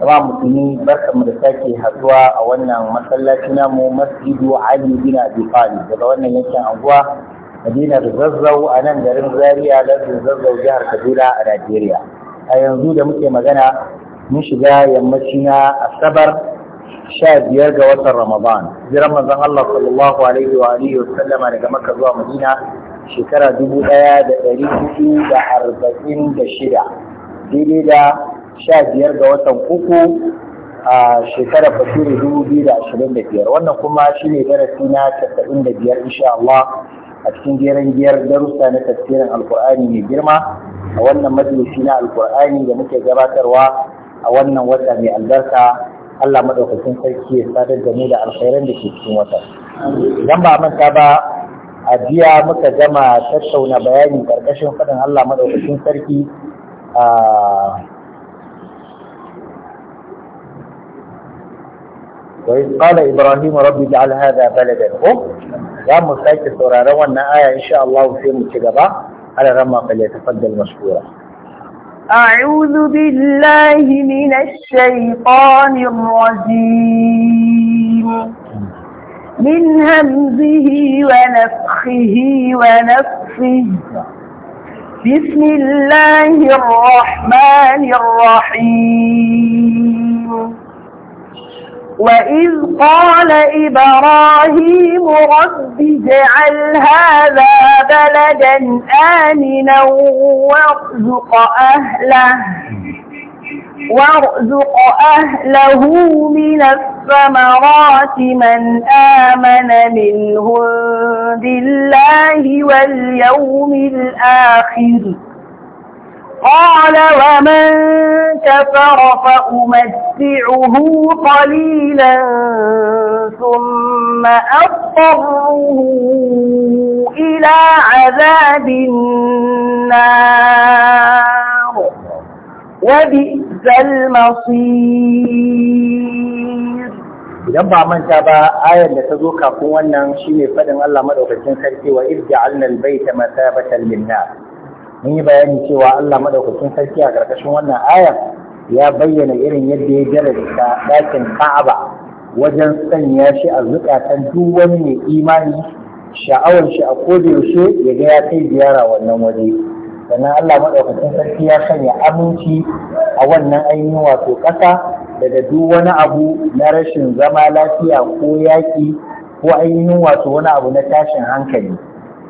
zama musulmi barkanmu da sake haduwa a wannan masallaci namu masjidu ali bin abi talib daga wannan yankin anguwa madinar zazzau a nan garin zaria lardin zazzau jihar kaduna a najeriya a yanzu da muke magana mun shiga yammaci na asabar sha biyar ga watan ramadan jiran manzon allah sallallahu alaihi wa alihi wa sallama daga makka zuwa madina shekara dubu ɗaya da ɗari hudu da arba'in da shida daidai da sha biyar ga watan uku a shekarar basiru dubu biyu da ashirin da biyar wannan kuma shi ne darasi na casa'in da biyar insha Allah a cikin jeren biyar darussa na tafsirin alkur'ani mai girma a wannan majalisi na alkur'ani da muke gabatarwa a wannan wata mai albarka Allah madaukakin sarki ya sadar da mu da alkhairan da ke cikin wata. Idan ba manta ba a jiya muka gama tattauna bayani karkashin faɗin Allah madaukakin sarki a وإذ قال إبراهيم ربي اجعل هذا بلدا أم za mu sake sauraron wannan إن insha Allah sai mu على gaba ala مشكورا أعوذ بالله من الشيطان الرجيم من همزه ونفخه ونفخه بسم الله الرحمن الرحيم وإذ قال إبراهيم رب اجعل هذا بلدا آمنا وارزق أهله وارزق أهله من الثمرات من آمن منهم بالله واليوم الآخر قال ومن كفر فأمتعه قليلا ثم أضطره إلى عذاب النار وبئس المصير idan ba manta ba ayar da ta zo kafin wannan shine fadin Allah madaukakin sarki wa idja'alna al-bayta masabatan lin-nas mun yi bayani cewa Allah madaukakin sarki a ƙarƙashin wannan ayar ya bayyana irin yadda ya jarrata ɗakin Ka'aba wajen sanya shi a zukatan duk wani mai imani sha'awar shi a kodayaushe ya ga ya kai ziyara wannan waje sannan Allah madaukakin sarki ya sanya aminci a wannan ainihin wato ƙasa daga duk wani abu na rashin zama lafiya ko yaƙi ko ainihin wato wani abu na tashin hankali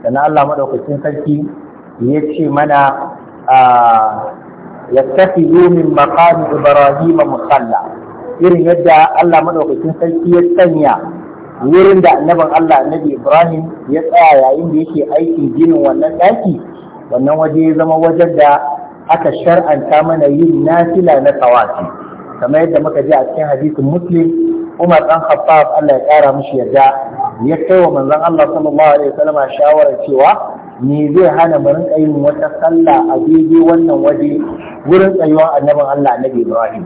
sannan Allah madaukakin sarki yace mana tafi min makami ibrahim musalla irin yadda Allah madaukakin sarki ya sanya wurin da annabin Allah annabi Ibrahim ya tsaya yayin da yake aikin ginin wannan daki wannan waje ya zama wajen da aka shar'anta mana yin nafila na tawafi kamar yadda muka ji a cikin hadisin muslim Umar dan Khattab Allah ya kara mishi yarda ya kai wa manzon Allah sallallahu alaihi wasallam shawara cewa me zai hana mu rinka yin wata sallah a daidai wannan waje wurin tsayuwar annabin Allah na Ibrahim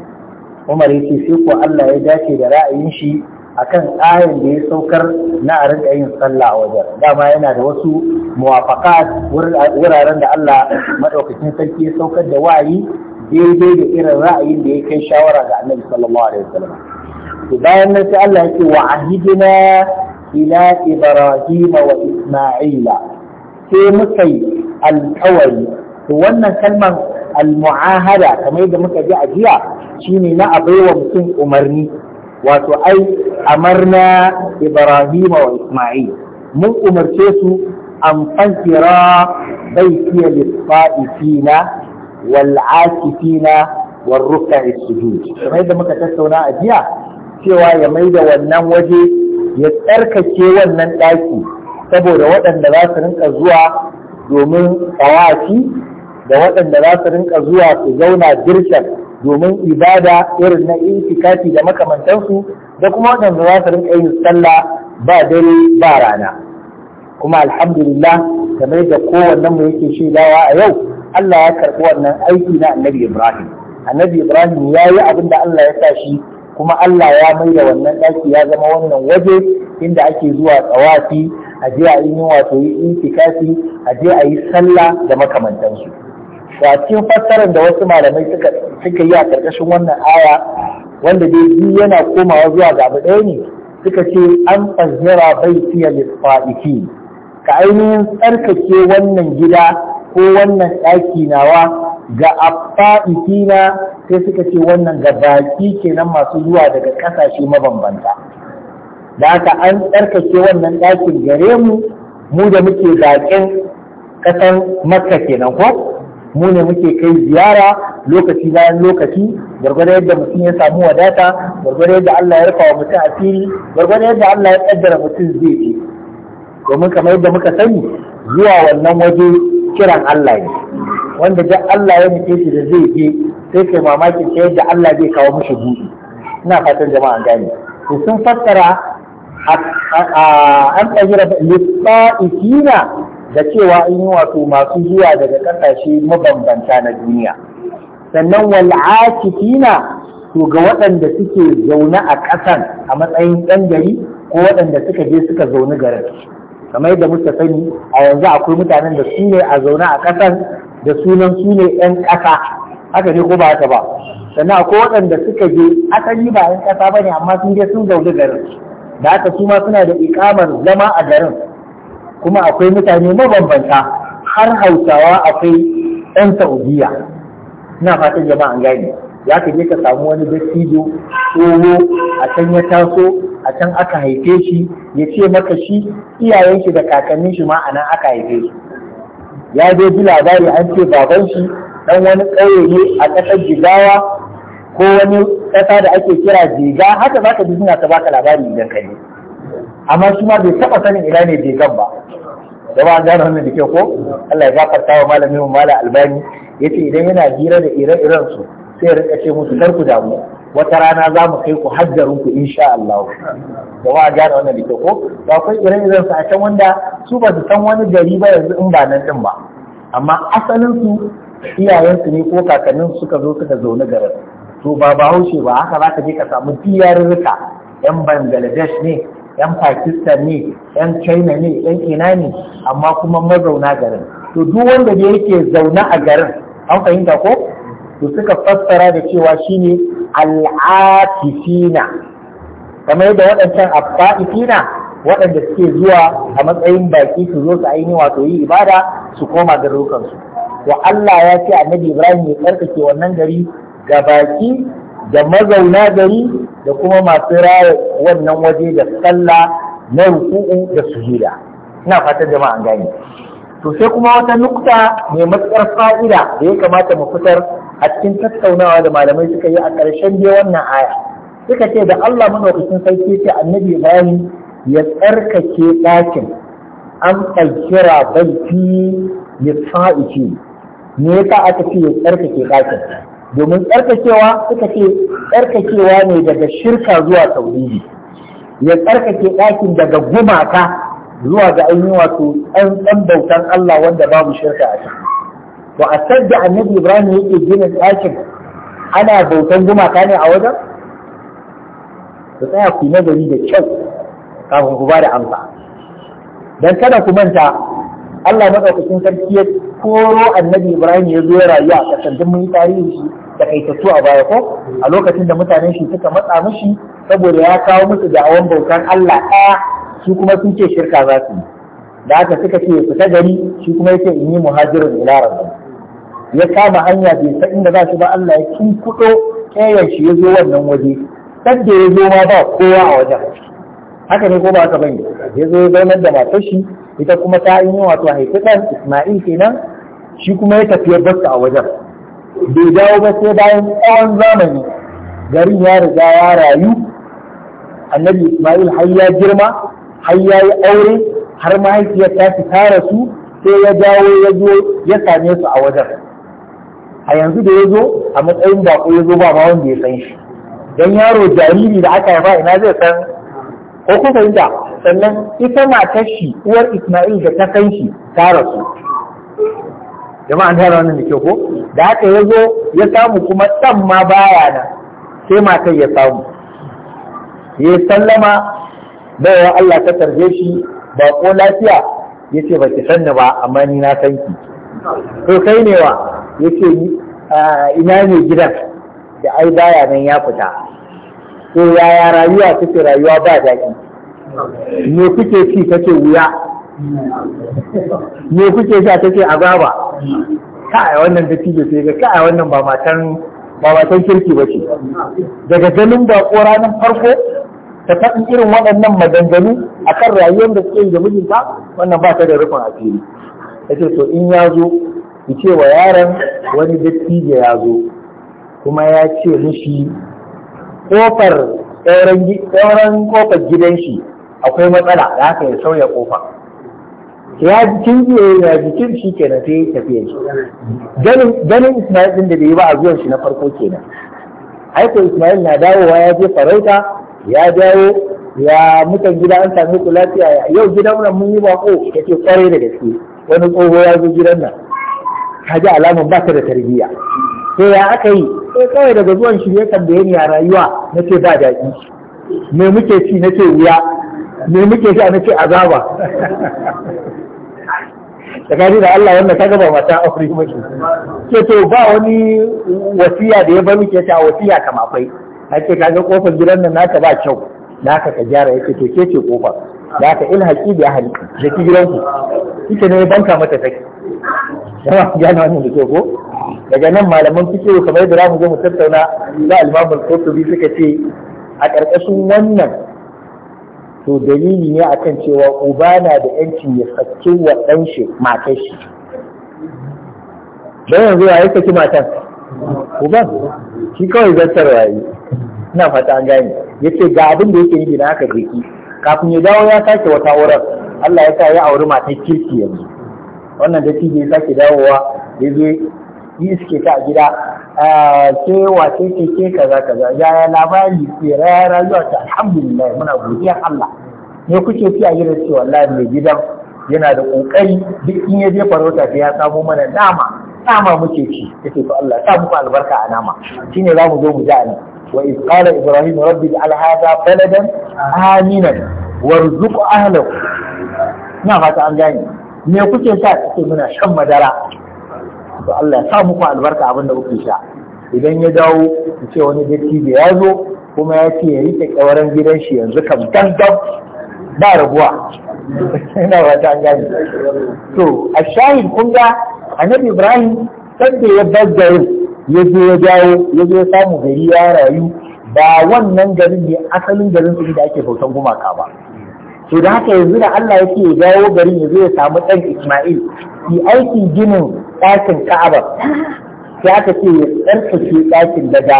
Umar yace sai ko Allah ya dace da ra'ayin shi akan tsarin da ya saukar na a rinka yin sallah a wajen dama yana da wasu muwafaka wuraren da Allah maɗaukacin sarki ya saukar da wa'ayi daidai da irin ra'ayin da ya kai shawara ga Annabi sallallahu alaihi wasallam to bayan nan sai Allah yake wa ahidina ila ibrahim wa isma'ila sai muka yi alkawari to wannan kalmar almu'ahada kamar yadda muka ji a jiya shine na abaiwa mutum umarni wato ai amarna ibrahima wa isma'il mun umarce su an fankira baitiya lisfa'ifina wal wal ruk'i sujud kamar yadda muka tattauna a jiya cewa ya maida wannan waje ya tsarkake wannan ɗaki. saboda waɗanda za su rinka zuwa domin tsawafi da waɗanda za su rinka zuwa su zauna dirshan domin ibada irin na itikafi da makamantansu da kuma waɗanda za su rinka yin sallah ba dare ba rana kuma alhamdulillah kamar da kowannen mu yake shaidawa a yau Allah ya karɓi wannan aiki na annabi Ibrahim annabi Ibrahim ya yi abin da Allah ya sa shi kuma Allah ya mai da wannan ɗaki ya zama wannan waje inda ake zuwa tsawafi a je a yi wato yi intikafi a je a yi sallah da makamantansu to a cikin fassarar da wasu malamai suka suka yi a karkashin wannan aya wanda dai biyu yana komawa zuwa ga abu ɗaya ne suka ce an fahira baitiya lisfa'iki ka ainihin tsarkake wannan gida ko wannan ɗaki nawa ga affa'iki na sai suka ce wannan ga baki kenan masu zuwa daga ƙasashe mabambanta da haka an tsarkake wannan ɗakin gare mu mu da muke bakin ƙasan makka kenan ko mu ne muke kai ziyara lokaci bayan lokaci gwargwado yadda mutum ya samu wadata gwargwado yadda Allah ya rufa wa mutum asiri gwargwado yadda Allah ya kaddara mutum zai je domin kamar yadda muka sani zuwa wannan waje kiran Allah ne wanda Allah ya nufe shi da zai je sai kai mamakin ta yadda Allah zai kawo mishi buɗi ina fatan jama'a gane to sun fassara an lissafi lissa'ikina da cewa in yi wato masu zuwa daga ƙasashe mabambanta na duniya sannan wal'akifina to ga waɗanda suke zaune a ƙasan a matsayin ɗan gari ko waɗanda suka je suka zaune garin kamar yadda muka sani a yanzu akwai mutanen da su ne a zaune a ƙasan da sunan su ne 'yan ƙasa haka ne ko ba haka ba sannan akwai waɗanda suka je asali ba ƴan ƙasa ba ne amma sun je sun zaune garin da haka su ma suna da ikamar zama a garin kuma akwai mutane mabambanta har hausawa akwai 'yan saudiya ina fatan jama'a an gane ya ka je ka samu wani dattijo tsoho a can ya taso a can aka haife shi ya ce maka shi iyayen shi da kakannin shi ma anan aka haife shi ya je ji labari an ce baban shi dan wani ƙauye ne a ƙasar jigawa ko wani ƙasa da ake kira Jiga, haka za ka ji suna ta baka labari idan ka ne amma shi ma bai taɓa sanin ina ne gan ba da ba gane wannan da ke ko Allah ya gafarta wa malamin mu malam albani yace idan yana hira da ire-iren su sai ya rika ce musu kar ku damu wata rana za mu kai ku hajjarin ku insha Allah da ba gane wannan da ke ko ba akwai ire-iren su a can wanda su ba su san wani gari ba yanzu in ba nan din ba amma asalin su iyayensu ne ko kakannin suka zo suka zaune garin to ba bahaushe ba haka za ka je ka samu diyarurruka yan bangladesh ne yan pakistan ne yan china ne yan ina ne amma kuma mazauna garin to duk wanda ne yake zaune a garin an fahimta ko to suka fassara da cewa shine al'atifina kamar da waɗancan afa'ifina waɗanda suke zuwa a matsayin baki su zo su aini wato yi ibada su koma garurukansu wa Allah ya ce annabi Ibrahim ya tsarkake wannan gari ga baki da mazauna gari da kuma masu raya wannan waje da sallah na ruku'u da sujuda ina fatan jama'a gane to sai kuma wata nukta mai matsar fa'ida da ya kamata mu fitar a cikin tattaunawa da malamai suka yi a ƙarshen dai wannan aya suka ce da Allah madaukakin sarki ce annabi Ibrahim ya tsarkake ɗakin an tsakira baiti ya fa'ici me yasa aka ce ya tsarkake ɗakin domin tsarkakewa suka ce tsarkakewa ne daga shirka zuwa tauhidi ya tsarkake ɗakin daga gumaka zuwa ga ainihin wato ɗan bautan Allah wanda babu shirka a ciki to a sadda annabi Ibrahim yake gina ɗakin ana bautan gumaka ne a wajen ku tsaya ku nazari da kyau kafin ku ba da amsa dan kada ku manta Allah madaukakin sarki ya koro annabi Ibrahim ya zo ya rayu a ƙasar duk mun tarihi shi da kai tattu a baya ko a lokacin da mutanen shi suka matsa mishi saboda ya kawo musu da'awan bautan Allah ɗaya su kuma sun ce shirka za su yi da haka suka ce fita gari shi kuma yake in yi muhajirin ila rabbi ya kama hanya bai san inda za shi ba Allah ya kuɗo kayan shi ya zo wannan waje sanda ya zo ma ba kowa a wajen haka ne ko ba haka bane ya zo ya zaunar da matar shi ita kuma ta yi wato haifi ɗan Ismail kenan shi kuma ya tafiya ya a wajen bai dawo ba sai bayan tsawon zamani garin ya riga ya rayu annabi Ismail har ya girma har ya yi aure har mahaifiyar ta fi tara su sai ya dawo ya zo ya same su a wajen a yanzu da ya zo a matsayin bako ya zo ba ma wanda ya san shi dan yaro jariri da aka haifa ina zai san ko kun fahimta sannan ita matar shi uwar Ismail da ta kai shi ta rasu jama'a an tara wannan da kyau ko da haka ya zo ya samu kuma san ma baya na sai matar ya samu ya sallama bayan Allah ta tarbe shi ba ko lafiya ya ce ba ki sanni ba amma ni na san ki to kai ne wa ya ce ina ne gidan da ai baya nan ya fita ko yaya rayuwa take rayuwa ba daɗi me kuke ci kace wuya me kuke sha azaba kai wannan da sai ga kai wannan ba matan ba matan kirki ba ce daga ganin zaƙo ranar farko ta faɗin irin waɗannan maganganu a akan rayuwar da suke yi da mijinta wannan ba ta da rufin asiri Ta ce to in ya zo ki ce wa yaron wani dattijo ya zo kuma ya ce mishi kofar tsauran kofar gidan shi akwai matsala da haka ya sauya kofa ya jikin ya jikin shi kenan sai ya tafiya shi ganin Ismail ɗin da bai yi ba a zuwan shi na farko kenan aiko Ismail na dawowa ya je farauta ya dawo ya mutan gida an sami ku lafiya yau gidan nan mun yi bako yake kware da gaske wani tsoho ya zo gidan nan ji alamun ba ta da tarbiyya sai ya aka yi sai eh, kawai daga zuwan shi ne kan da a rayuwa na ce ba daɗi me muke ci na ce wuya me muke sha ce azaba tsakani da Allah wanda ka gaba mata aure ba ke to ba wani wasiya da ya bar muke ta wasiya kama akwai ka ga kofar gidan nan naka ba kyau naka ka gyara yake to ke ce kofa da in haƙi da hali da ki ku kike ne banka mata take yawa gane wannan da ke ko daga nan malaman fikiru kamar yadda za mu zo mu tattauna da al-Imam suka ce a ƙarƙashin wannan to dalili ne akan cewa uba na da yancin ya saki wa ɗan shi matar shi don yanzu ya saki matan uban shi kawai zartar waye ina fata an gane ce ga abin da yake yi na aka zaki kafin ya dawo ya sake wata wurin Allah ya sa ya auri matar kirki yanzu wannan da ya sake dawowa ya zai yi suke ta gida ah, ke wace ke ke kaza kaza ya labari ke raya rayuwa ta alhamdulillah muna godiya Allah ne kuke fi a gida cewa wallahi mai gidan yana da kokari duk in ya je farauta ta ya samo mana nama nama muke ci yace to Allah ta muku albarka a nama shine za mu zo mu ji ani wa iz qala ibrahim rabbi ja'al hadha baladan Amina warzuq ahlahu na fata an gane me kuke sa kuke muna shan madara to Allah ya sa muku albarka abin da kuke sha idan ya dawo ya ce wani da ya zo kuma ya ce ya yi kawaran gidan shi yanzu kam dangan ba rabuwa ina wata an gani to a shahid kun ga annabi ibrahim sanda ya bazzarin ya je ya dawo ya zo ya samu gari ya rayu ba wannan garin ne asalin garin su da ake bautan gumaka ba to da haka yanzu da Allah yake ya dawo garin ya zo ya samu ɗan Ismail yi aikin ginin ɗakin Ka'aba sai aka ce ya tsarkake ɗakin daga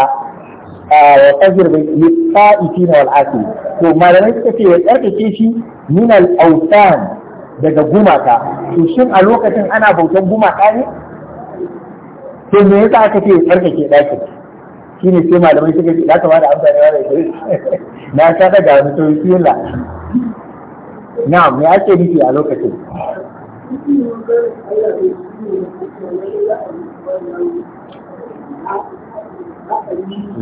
wa tsajir da ya fa'ifi na wal'afi to malamai suka ce ya tsarkake shi min al'autan daga gumaka to shin a lokacin ana bautan gumaka ne to me yasa aka ce ya tsarkake ɗakin shine sai malamai suka ce za ka ba da amsa ne ba da na sha daga wani to yi na me ake nufi a lokacin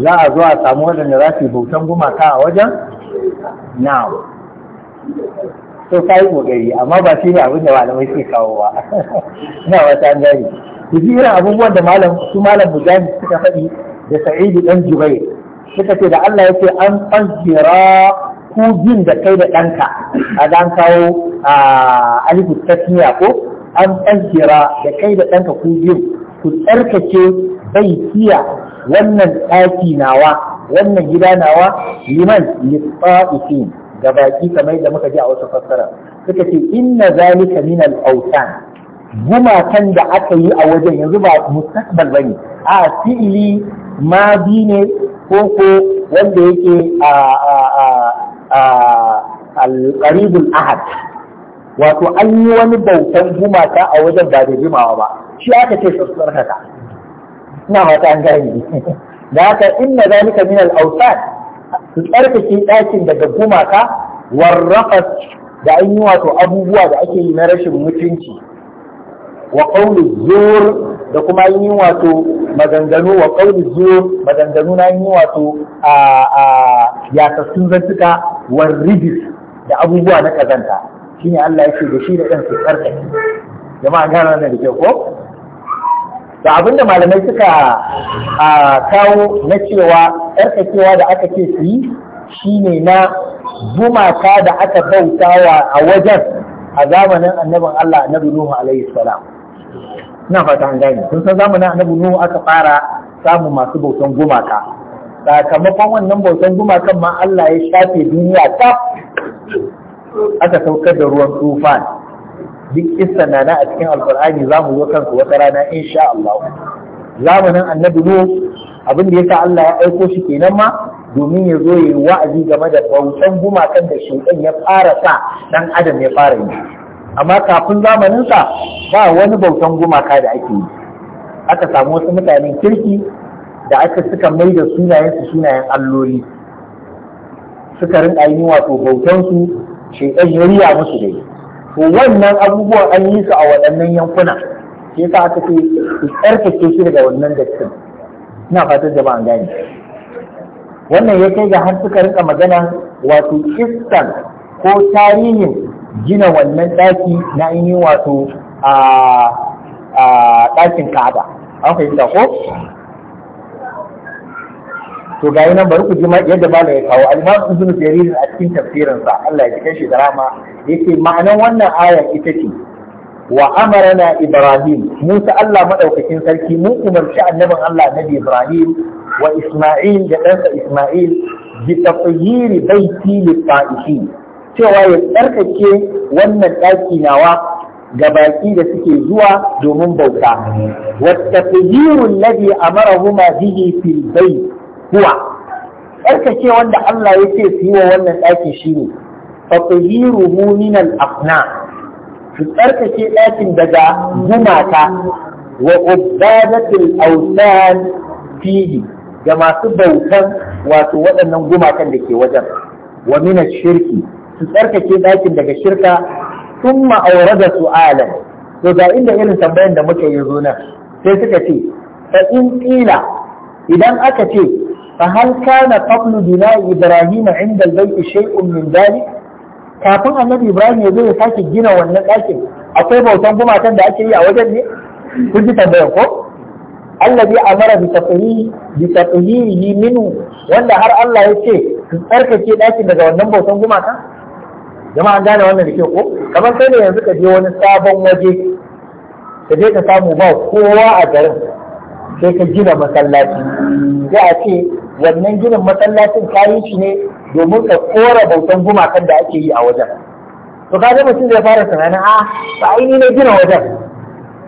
za a zo a samu waɗanda za su yi bautan gumaka a wajen na so ka yi ƙoƙari amma ba shi ne abin da malamai ke kawo ba na wata an gani ku ji irin abubuwan da malam su malam Mujani suka faɗi da sa'idu ɗan jubai suka ce da Allah ya ce an tsajira kugin da kai da ɗanka a dan kawo alifu tafiya ko an tsakira da kai da ɗanka kugin ku tsarkake bai kiya wannan ɗaki nawa wannan gida nawa liman lissa'ifi ga baki kamar da muka ji a wasu fassara suka ce inna zalika min al-awtan gumakan da aka yi a wajen yanzu ba mustaqbal bane a fi'ili ma bi ne ko ko wanda yake a al-qaribul ahad wato an yi wani bautan gumaka a wajen ba da jimawa ba shi aka ce tsarkaka ina mata an gani da haka inna zalika min al-awsan su tsarkake ɗakin daga gumaka warrafas da an yi wato abubuwa da ake yi na rashin mutunci wa qawli da kuma yin wato maganganu wa qawli zur maganganu na yin wato a a yasassun zantuka wa rijis da abubuwa na kazanta shine Allah yake da shi da ɗan su tsarkake jama'a gana nan da ke ko da abinda malamai suka kawo na cewa tsarkakewa da aka ce su yi shine na gumaka da aka bautawa a wajen a zamanin annabin Allah annabi Nuhu alaihi salam ina fata an gane kun san zamanin annabi nuhu aka fara samun masu bautan gumaka sakamakon wannan bautan gumakan ma Allah ya shafe duniya ta aka saukar da ruwan tufan duk kissa na a cikin alkur'ani za mu zo kansu wata rana insha Allah zamanin annabi nuhu abin da yasa Allah ya aiko shi kenan ma domin ya zo yi wa'azi game da bautan gumakan da shukan ya fara sa dan adam ya fara yi amma kafin zamaninsa ba wani bautan gumaka da ake yi aka samu wasu mutanen kirki da aka suka mai da sunayensu sunayen alloli suka rinka yi wato bautansu shekan yariya musu dai to wannan abubuwan an yi su a waɗannan yankuna sai sa aka ce su tsarkake shi daga wannan dattin ina fatan an gane wannan ya kai ga har suka rinka magana wato kistan ko tarihin gina wannan ɗaki na ainihin wato a ɗakin ka'aba an fahimta ko to ga nan bari ku ji yadda Bala ya kawo al-imam ibn jarir a cikin tafsirin sa Allah ya ji da rama ce ma'anan wannan aya ita ce wa amarana ibrahim musa Allah maɗaukakin sarki mun umarci annabin Allah nabi ibrahim wa isma'il da ɗansa isma'il bi tafyiri baiti lit-ta'ihin cewa ya tsarkake wannan ɗaki nawa ga baƙi da suke zuwa domin bauta wata fijirun ladi a marahuma bihi fil bai huwa tsarkake wanda Allah ya ce su yi wa wannan ɗaki shi ne fatahiru muminan afna su tsarkake ɗakin daga gumata wa ubadatul Ausan fihi ga masu bautan wato waɗannan gumakan da ke wajen wa shirki su tsarkake ɗakin daga shirka sun ma'aure da su alam to ga inda irin tambayan da muka yi zo sai suka ce fa in ƙila idan aka ce fa hal kana qablu bina ibrahim inda albayt shay'un min dhalik kafin annabi ibrahim ya zo ya sake gina wannan ɗakin akwai bautan gumakan da ake yi a wajen ne kun ji tambayar ko allazi amara bi tafhihi bi tafhihi minhu wanda har Allah ya ce su tsarkake ɗakin daga wannan bautan gumakan jama'a an gane wannan da ke ko kamar kai ne yanzu ka je wani sabon waje ka je ka samu ba kowa a garin sai ka gina masallaci sai a ce wannan ginin masallacin kayan shi ne domin ka kora bautan gumakan da ake yi a wajen to zama mutum zai fara tunanin a ah, ba aini ne gina wajen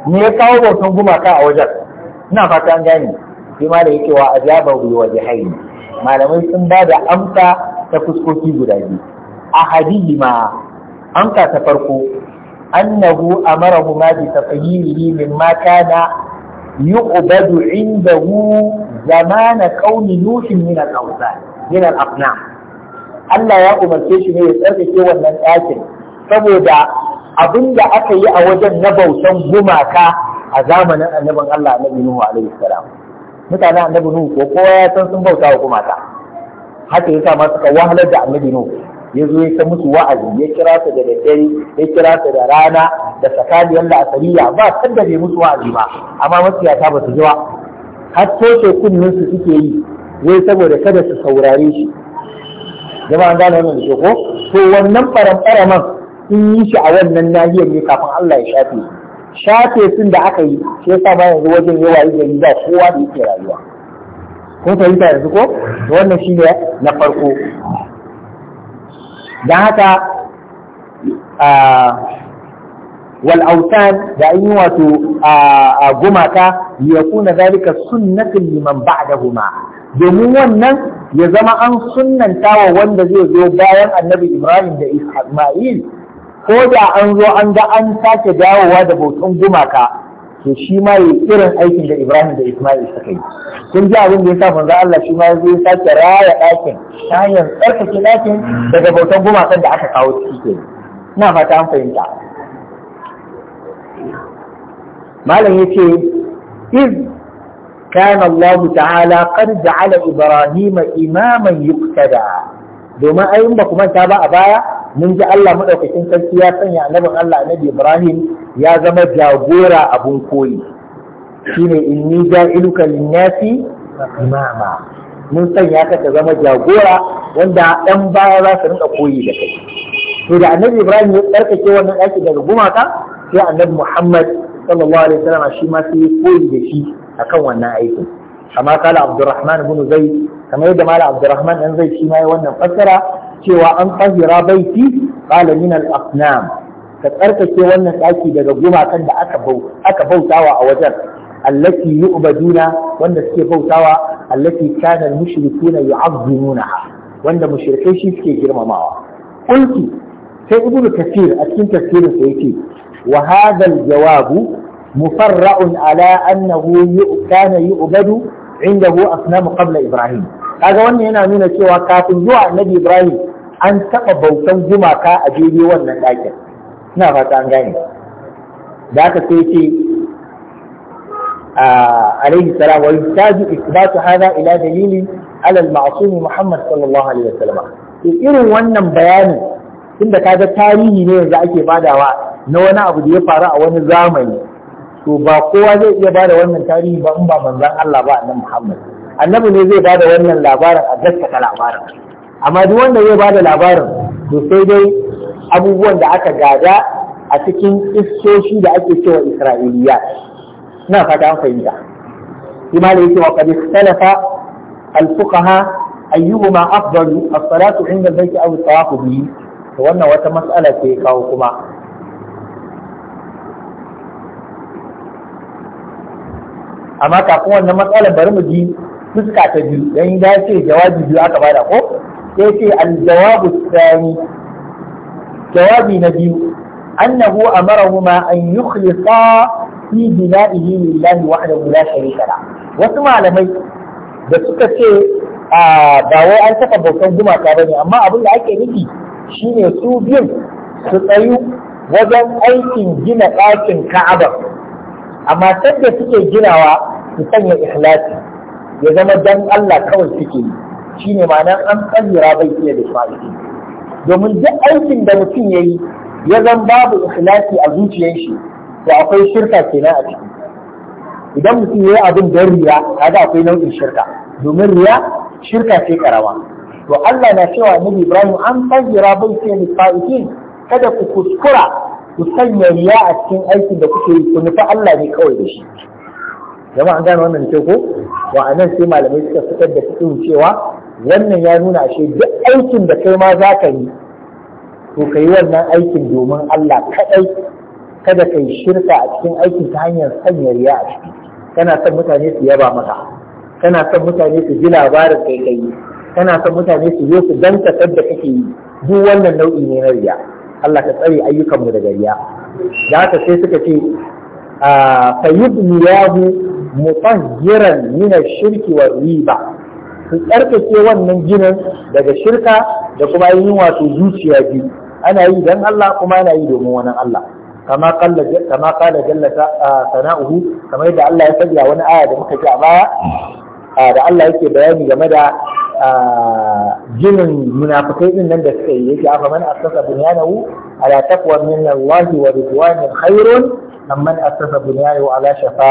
me ya kawo bautan gumaka a wajen ina fata an gane shi ma da yake wa ajaba wajen haini malamai sun ba da amsa ta fuskoki guda biyu ahadihima amsa ta farko annahu amarahuma bi tafyimihi mimma kana yu'badu indahu zamana qaumi nuh min al-awsan Allah ya umarce shi ne ya tsarkake wannan ɗakin saboda abinda aka yi a wajen na gumaka a zamanin annabin Allah annabi Nuhu alaihi salam mutanen annabi Nuhu ko kowa ya san sun bauta wa gumaka haka yasa ma suka wahalar da annabi Nuhu ya zo ya ta musu wa'azi ya kira su da daddare ya kira su da rana da sakaliyar la'asariya ba kan da bai musu wa'azi ba amma masiyata ba su ji ba har toshe kunnen su suke yi wai saboda kada su saurare shi jama'a gane wannan da ko to wannan faramfaraman sun yi shi a wannan nahiyar ne kafin Allah ya shafe shafe sun da aka yi shi yasa ba yanzu wajen yawa yi gari ba kowa da yake rayuwa ko fahimta yanzu ko wannan shi ne na farko da haka والأوثان دعين واتو قمتا ليكون ذلك سنة لمن guma domin wannan ya zama an sunnanta wa wanda zai zo bayan annabi Ibrahim da Ismail ko da an zo an ga an sake dawowa da bautan gumaka to shi ma yi irin aikin da Ibrahim da Ismail suka yi kun ji abin da ya sa manzo Allah shi ma zai sake raya dakin ta hanyar tsarkake dakin daga bautan gumakan da aka kawo ciki ke na fata an fahimta malam yace iz kana Allah ta'ala qad ja'ala Ibrahim imaman yuqtada domin ayin ba kuma ta ba a baya mun ji Allah maɗaukacin sarki ya sanya annabin Allah annabi Ibrahim ya zama jagora abun koyi shine inni ja'iluka lin-nasi imama mun sanya ka ka zama jagora wanda ɗan baya za su rinka koyi da kai to da annabi Ibrahim ya tsarkake wannan ɗaki daga gumaka sai annabi Muhammad sallallahu alaihi wasallam shi ma sai koyi da shi akan wannan aikin amma kala Abdurrahman ibn Zaid kamar yadda mala Abdurrahman dan Zaid shi ma ya wannan fassara cewa an tsahira baiti qala min al asnam ka tsarkake wannan daki daga gumakan da aka aka bautawa a wajen allati yu'baduna wanda suke bautawa allati kana mushrikuna yu'azzimunaha wanda mushrikai shi suke girmamawa kulki sai ibnu kasir a cikin tafsirin sa yace wa hadha al jawabu mufarra'un ala annahu kana yu'badu indahu asnamu qabla ibrahim kaga wannan yana nuna cewa kafin zuwa annabi ibrahim an taɓa bautan gumaka a daidai wannan ɗakin ina fata an gane da aka sai ce ah, alaihi salam wa yutaju isbatu hada ila dalili ala al-ma'sum Muhammad sallallahu alaihi wasallam to irin wannan bayani tunda kaga tarihi ne yanzu ake badawa na wani abu da ya faru a wani zamani to ba kowa zai iya bada wannan tarihi ba in ba manzon Allah ba annabi Muhammad annabi ne zai bada wannan labarin a gaskata labarin amma duk wanda zai bada labarin to sai dai abubuwan da aka gada a cikin iskoshi da ake cewa isra'iliya na fata an fahimta imani yake wa qad ikhtalafa al-fuqaha ayyuhuma afdalu as-salatu inda baiti aw at-tawaf bihi to wannan wata mas'ala ce kawo kuma amma kafin wannan matsalar bari mu ji fuska ta biyu dan ya ce jawabi biyu aka bada ko sai ce aljawabu tsani jawabi na biyu annahu ma an yukhlisa fi bina'ihi lillahi wahdahu la sharika la wasu malamai da suka ce ba wai an saka bautan gumaka bane amma abin da ake nufi shine su biyun su tsayu wajen aikin gina ɗakin ka'aba amma da suke ginawa su sanya ikhlasi ya zama dan Allah kawai suke yi shine ma'anar an kabira bai iya da shi domin duk aikin da mutum ya yi ya zan babu ikhlasi a zuciyar shi to akwai shirka kenan a ciki idan mutum ya yi abin don riya kaga akwai nau'in shirka domin riya shirka ce karawa to Allah na cewa Annabi Ibrahim an kabira bai iya da fa'ikin kada ku kuskura ku sanya riya a cikin aikin da kuke yi ku nufi Allah ne kawai da shi jama'a an gane wannan da ko wa anan sai malamai suka fitar da cikin cewa wannan ya nuna ashe duk aikin da kai ma za ka yi to ka yi wannan aikin domin Allah kaɗai kada ka yi shirka a cikin aikin ta hanyar sanya riya a ciki kana son mutane su yaba maka kana son mutane su ji labarin kai kai kana son mutane su zo su danta da kake yi duk wannan nau'i ne na riya Allah ka tsare ayyukanmu daga riya da haka sai suka ce ah, fa yubniyahu mutahhiran min ash-shirki wa riba su tsarkake wannan ginin daga shirka da kuma yin wato zuciya biyu ana yi don Allah kuma ana yi domin wani Allah kama kala jalla sana'uhu kamar yadda Allah ya sanya wani aya da muka ji a baya da Allah yake bayani game da ginin munafikai din nan da suka yi yake afa man asasa bunyanahu ala taqwa min Allah wa ridwanin khairun amman asasa bunyanahu ala shafa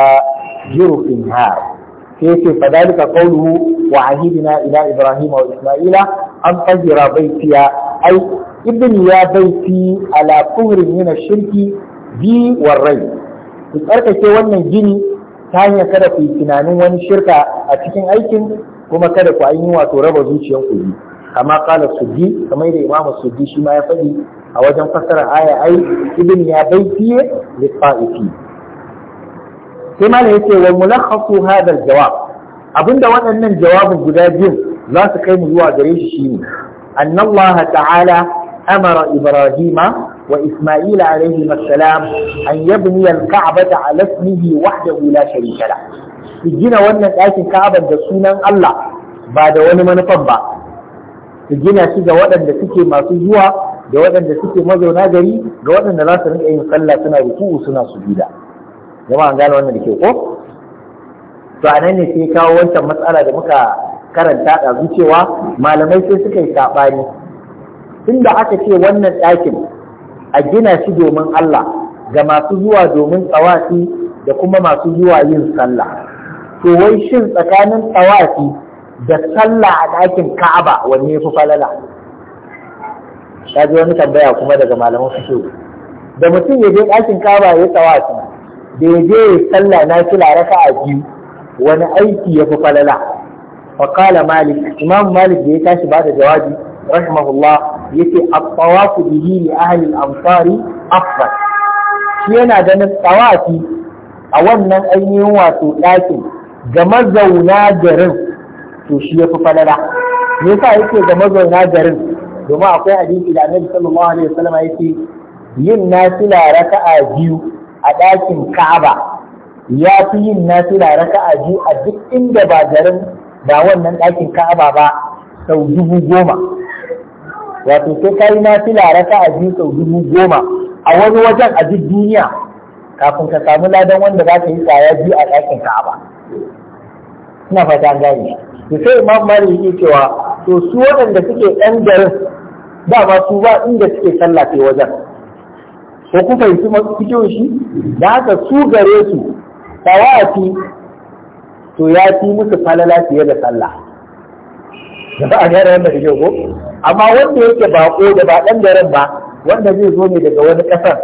jurfin har sai yace fadalika qawluhu wa ahidina ila ibrahim wa isma'ila an fajira baitiya ai ibni ya baiti ala kuhrin min shirki bi warrai ku tsarkake wannan gini ta hanyar kada ku yi tunanin wani shirka a cikin aikin kuma kada ku ainihin wato raba zuciyan ku kama kala suddi kamar da imamu suddi shima ya faɗi a wajen fassara aya ai ibn ya baiti li sai malam yace wa mulakhasu hadha al-jawab abinda waɗannan jawabin guda biyu za su kai mu zuwa gare shi shine annallaha ta'ala amara ibrahima wa isma'il alayhi assalam an yabni al ala ismihi wahdahu la sharika la su gina wannan ɗakin Ka'abar da sunan Allah ba da wani manufan ba su gina shi ga waɗanda suke masu zuwa da waɗanda suke mazauna gari ga waɗanda za su rinka yin sallah suna ruku'u suna sujuda jama'a an gane wannan da ke ko to a nan ne sai kawo wancan matsala da muka karanta da cewa malamai sai suka yi saɓani da aka ce wannan ɗakin a gina shi domin Allah ga masu zuwa domin tsawafi da kuma masu zuwa yin sallah to wai shin tsakanin tsawafi da sallah a ɗakin Ka'aba wanne yafi falala ta ji wani tambaya kuma daga malaman su da mutum ya je ɗakin Ka'aba ya tsawafi daidai ya je sallah na kila raka a biyu wani aiki ya fi falala faƙala malik imam malik da ya tashi ba da jawabi rahimahullah ya ce afawafu bihi a halin amsari afdal shi yana ganin tsawafi a wannan ainihin wato ɗakin ga mazauna garin to shi ya fi falala me yasa yake ga mazauna garin domin akwai hadisi da annabi sallallahu alaihi wasallam yake yin nafila raka'a biyu a ɗakin Ka'aba ya fi yin nafila raka'a biyu a duk inda ba garin ba wannan ɗakin Ka'aba ba sau dubu goma wato sai ka yi nafila raka'a biyu sau dubu goma a wani wajen a duk duniya kafin ka samu ladan wanda za ka yi tsaya biyu a ɗakin Ka'aba ina fata an gane to sai Imam Malik yake cewa to su waɗanda suke ɗan garin dama su ba inda suke sallah wajen ko kun fahimci cikin shi da haka su gare su tawati to ya fi musu falala fiye da sallah da ba a gyara yadda da ko amma wanda yake bako da ba dan garin ba wanda zai zo ne daga wani kasar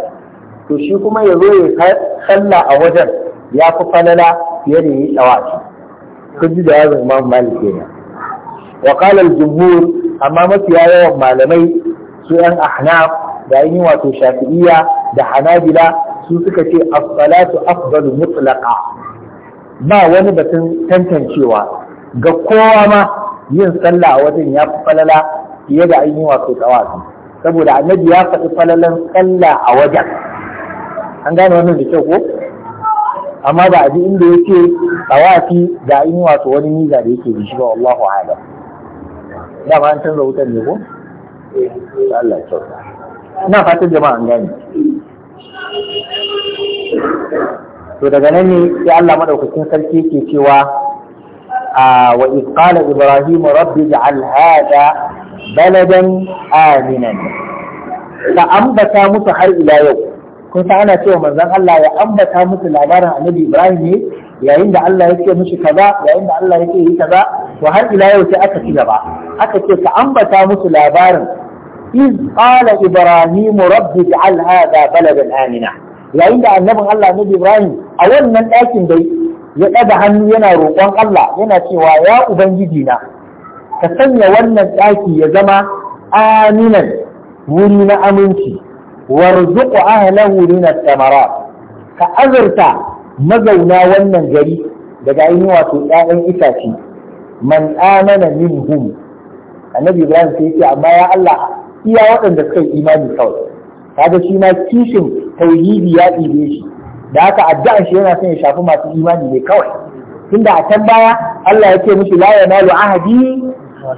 to shi kuma ya zo ya sallah a wajen ya fi falala fiye da yi tawati kun ji da yazo Imam Malik ne wa qala al-jumhur amma mafiya yawan malamai su yan ahnaf da yin wato shafi'iyya da hanabila su suka ce as-salatu afdalu mutlaqa ba wani batun tantancewa ga kowa ma yin sallah a wajen ya fi falala fiye da an yi wato tawafi saboda annabi ya faɗi falalan sallah a wajen an gane wannan da kyau ko amma ba a ji inda yake tawafi da an yi wato wani niza da yake da shi ba wallahu a'lam dama an canza wutar ne ko Allah ya kyauta ina fatan jama'a an gane to daga nan ne sai Allah madaukakin sarki ke cewa wa iz qala ibrahim rabbi ij'al hada baladan aminan ka ambata musu har ila yau kun san ana cewa manzon Allah ya ambata musu labarin annabi ibrahim ne yayin da Allah ya ce musu kaza yayin da Allah ya ce yi kaza to har ila yau sai aka ci gaba aka ce ka ambata musu labarin iz qala ibrahim rabbi ij'al hadha baladan amina yayin da annabin Allah nabi ibrahim a wannan ɗakin dai ya ɗaga hannu yana roƙon Allah yana cewa ya ubangiji na ka sanya wannan ɗaki ya zama aminan wuri na aminci warzuqu ahlahu min ath-thamarat ka azurta mazauna wannan gari daga ainihin wato ɗayan itace man amana minhum annabi ibrahim sai ce amma ya Allah iya waɗanda suka yi imani kawai kaga shi ma kishin tauhidi ya ɗibe shi da haka addu'ar shi yana son ya shafi masu imani ne kawai tunda a can baya Allah ya ce mishi la yanalu ahadi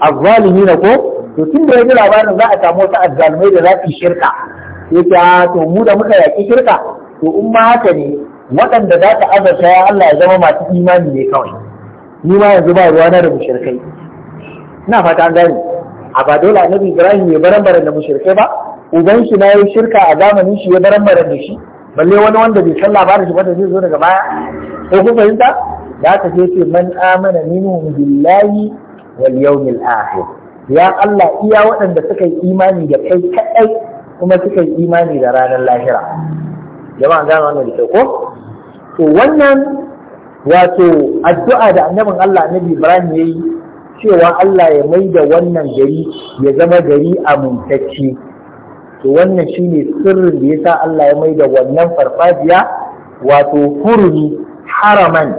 azzalimin ko to tunda ya ji labarin za a samu wasu azzalmai da za shirka yake a ah, to mu da muka yaki shirka to in ma haka ne waɗanda za ta azarta ya Allah ya zama masu imani ne kawai ni ma yanzu ba ruwa na da mushrikai ina fata an gane a ba dole annabi ibrahim ya baran da mushrikai ba uban shi na yi shirka a zamanin shi ya baran da shi balle wani wanda bai san labarin shi ba da zai zo daga baya ko ku fahimta da aka ce ce man amana minhum billahi wal yawmil akhir ya Allah iya waɗanda suka yi imani da kai kaɗai kuma suka yi imani da ranar lahira jama'a gano wannan da ko to wannan wato addu'a da annabin Allah annabi Ibrahim yayi cewa Allah ya mai da wannan gari ya zama gari a amintacce to wannan shi ne sirrin da ya sa Allah ya mai da wannan farfajiya wato hurumi haraman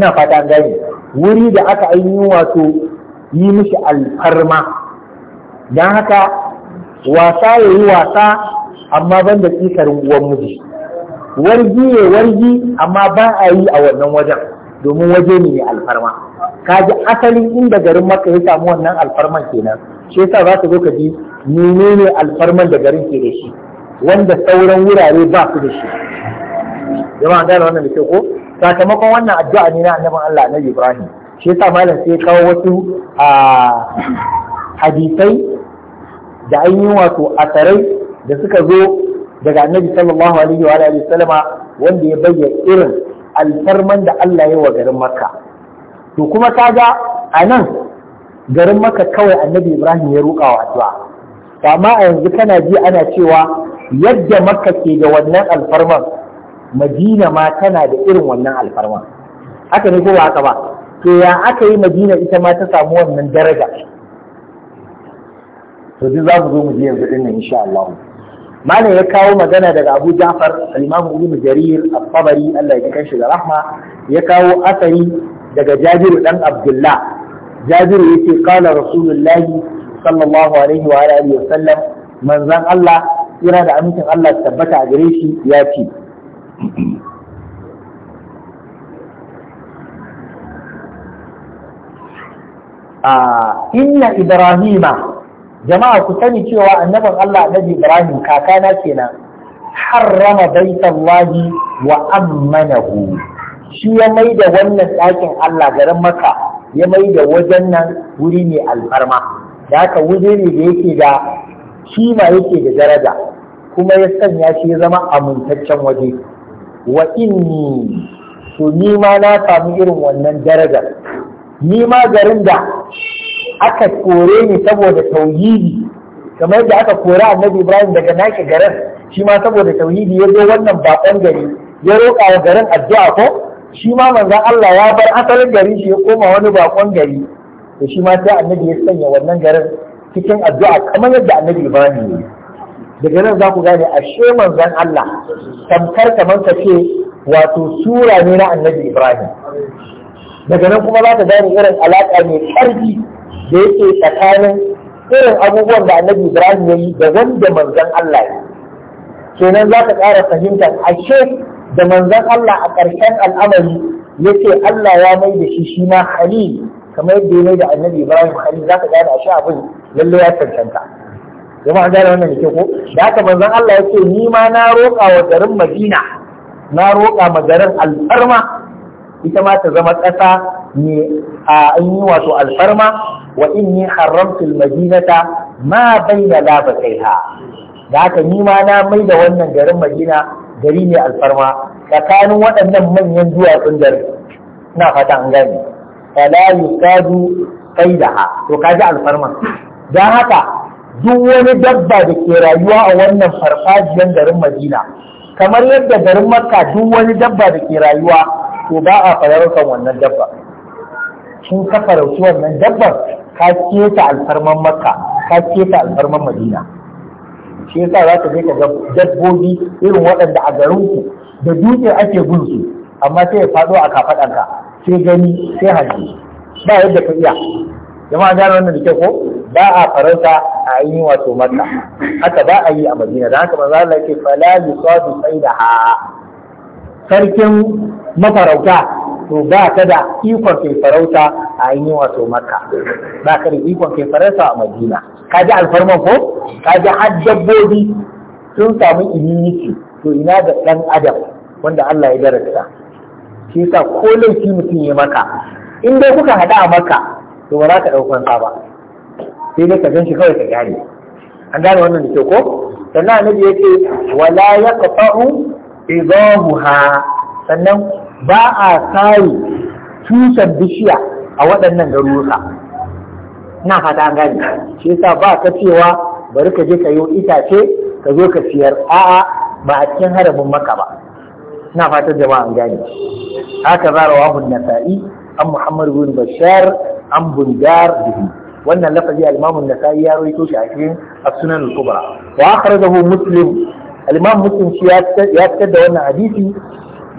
na fata gani wuri da aka ainihin wato yi mishi alfarma don haka wasa ya yi wasa amma ban da tsikarin uwan miji wargi ya wargi amma ba a yi a wannan wajen domin waje ne mai alfarma ji asalin inda garin maka ya samu wannan alfarman kenan shi yasa za ka zo ka ji menene alfarman da garin ke da shi wanda sauran wurare ba su da shi jama'a gane wannan da ko sakamakon wannan addu'a ne na annabin Allah na Ibrahim shi yasa malam sai kawo wasu hadisai da an yi wato asarai da suka zo daga annabi sallallahu alaihi wa alihi wanda ya bayyana irin alfarman da Allah yi wa garin Makka to kuma ga a nan garin Makka kawai Annabi Ibrahim ya roƙa wa addu'a amma a yanzu kana ji ana cewa yadda Makka ke da wannan alfarman Madina ma tana da irin wannan alfarman haka ne ko haka ba to ya aka yi Madina ita ma ta samu wannan daraja to duk za mu zo mu ji yanzu nan insha Allah malam ya kawo magana daga Abu Ja'far al-Imam Ibn Jarir al-Tabari Allah ya kanshi da rahma ya kawo asari daga Jabiru dan Abdullah Jabiru yace qala Rasulullah sallallahu alaihi wa alihi wa sallam manzon Allah yana da amincin Allah tabbata a gare shi ya ce a ah, inna ibrahima jama'a ku sani cewa annabin Allah annabi Ibrahim kakana kenan harrama baitallahi wa ammanahu shi ya mai da wannan ɗakin Allah garin maka, ya mai da wajen nan wuri ne alfarma da haka wuri ne da yake da kima yake da daraja kuma ya sanya shi ya zama amintaccen waje wa inni to ni ma na samu irin wannan darajar ni ma garin da aka kore ni saboda tauhidi kamar yadda aka kore annabi ibrahim daga naki garin shi ma saboda tauhidi ya zo wannan bakon gari ya roƙa wa garin addu'a ko shi ma manzon Allah ya bar asalin gari shi ya koma wani bakon gari to shi ma sai annabi ya sanya wannan garin cikin addu'a kamar yadda annabi ibrahim ya daga nan za ku gane ashe manzon Allah tamkar kamar ka ce wato sura ne na annabi ibrahim daga nan kuma za ka gane irin alaƙa mai ƙarfi da yake tsakanin irin abubuwan da annabi Ibrahim ya yi da wanda manzan Allah ya kenan za ka ƙara fahimtar ashe da manzan Allah a ƙarshen al'amari ya ce Allah ya mai da shi shi ma halil kamar yadda ya mai da annabi Ibrahim halil za ka gane ashe abin lalle ya cancanta jama'a gane wannan ke ko da haka manzan Allah ya ce ni ma na roƙa wa garin Madina na roƙa ma garin alfarma ita ma ta zama ƙasa ne a an yi wato alfarma wa inni haramtu al-madinata ma baina labataiha da haka ni ma na mai da wannan garin Madina gari ne alfarma tsakanin waɗannan manyan duwatsun gari ina fata an gane fala yusadu qaidaha to kaji alfarma dan haka duk wani dabba da ke rayuwa a wannan farfajiyar garin Madina kamar yadda garin Makka duk wani dabba da ke rayuwa to ba a fararkan wannan dabba kin ka farauci wannan dabbar ka keta alfarman makka ka keta alfarman madina shi yasa za ka je ka ga dabbobi irin waɗanda a garinku da dutse ake gunsu amma sai ya faɗo a kafaɗanka sai gani sai hanji ba yadda ka iya jama'a gano wannan da kyau ko ba a faransa a yi wato makka haka ba a yi a madina da haka manzo Allah yake fala yusadu saidaha sarkin mafarauta to ba ka da ikon kai farauta a yi wato makka ba ka da ikon kai farauta a madina ka ji alfarma ko ka ji har sun samu immunity to ina da ɗan adam wanda Allah ya darasa shi yasa ko laifi mutum ya maka in dai kuka haɗu a maka to ba za ka ɗaukan ba sai dai ka gan shi kawai ka gane an gane wannan da ke ko sannan annabi yake wala yaqta'u idahuha sannan ba a sare tushen bishiya a waɗannan garuruka na fata an gane shi yasa ba ka cewa bari ka je ka yi itace ka zo ka siyar a'a ba a cikin haramin maka ba na fatan jama'a an gane haka zarawa hun nasa'i an muhammad bin bashar an bundar bihi wannan lafazi al-imam an-nasa'i ya rawaito shi a cikin as kubra wa akhrajahu muslim al-imam muslim shi ya fitar da wannan hadisi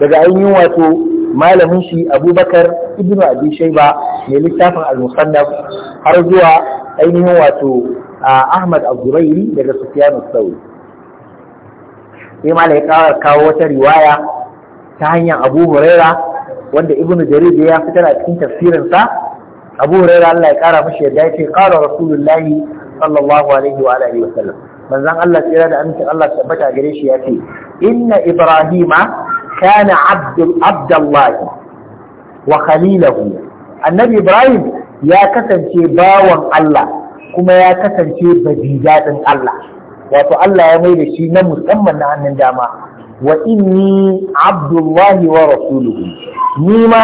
daga ainihin wato malamin shi abubakar ibn abi shaiba mai littafin al-musannaf har zuwa ainihin wato ahmad az-zubairi daga sufyan as sai malai ya kawo kawo wata riwaya ta hanyar abu huraira wanda ibn jarir ya fitar a cikin tafsirinsa abu huraira Allah ya kara mashi yadda ya ce qala rasulullahi sallallahu alaihi wa alihi manzon Allah tsira da amincin Allah tabbata gare shi ya ce inna ibrahima kana abdullahi wa khalilahu annabi ibrahim ya kasance bawan Allah kuma ya kasance badija din Allah wato Allah ya mai da shi na musamman na hannun dama wa inni abdullahi wa rasuluhu ni ma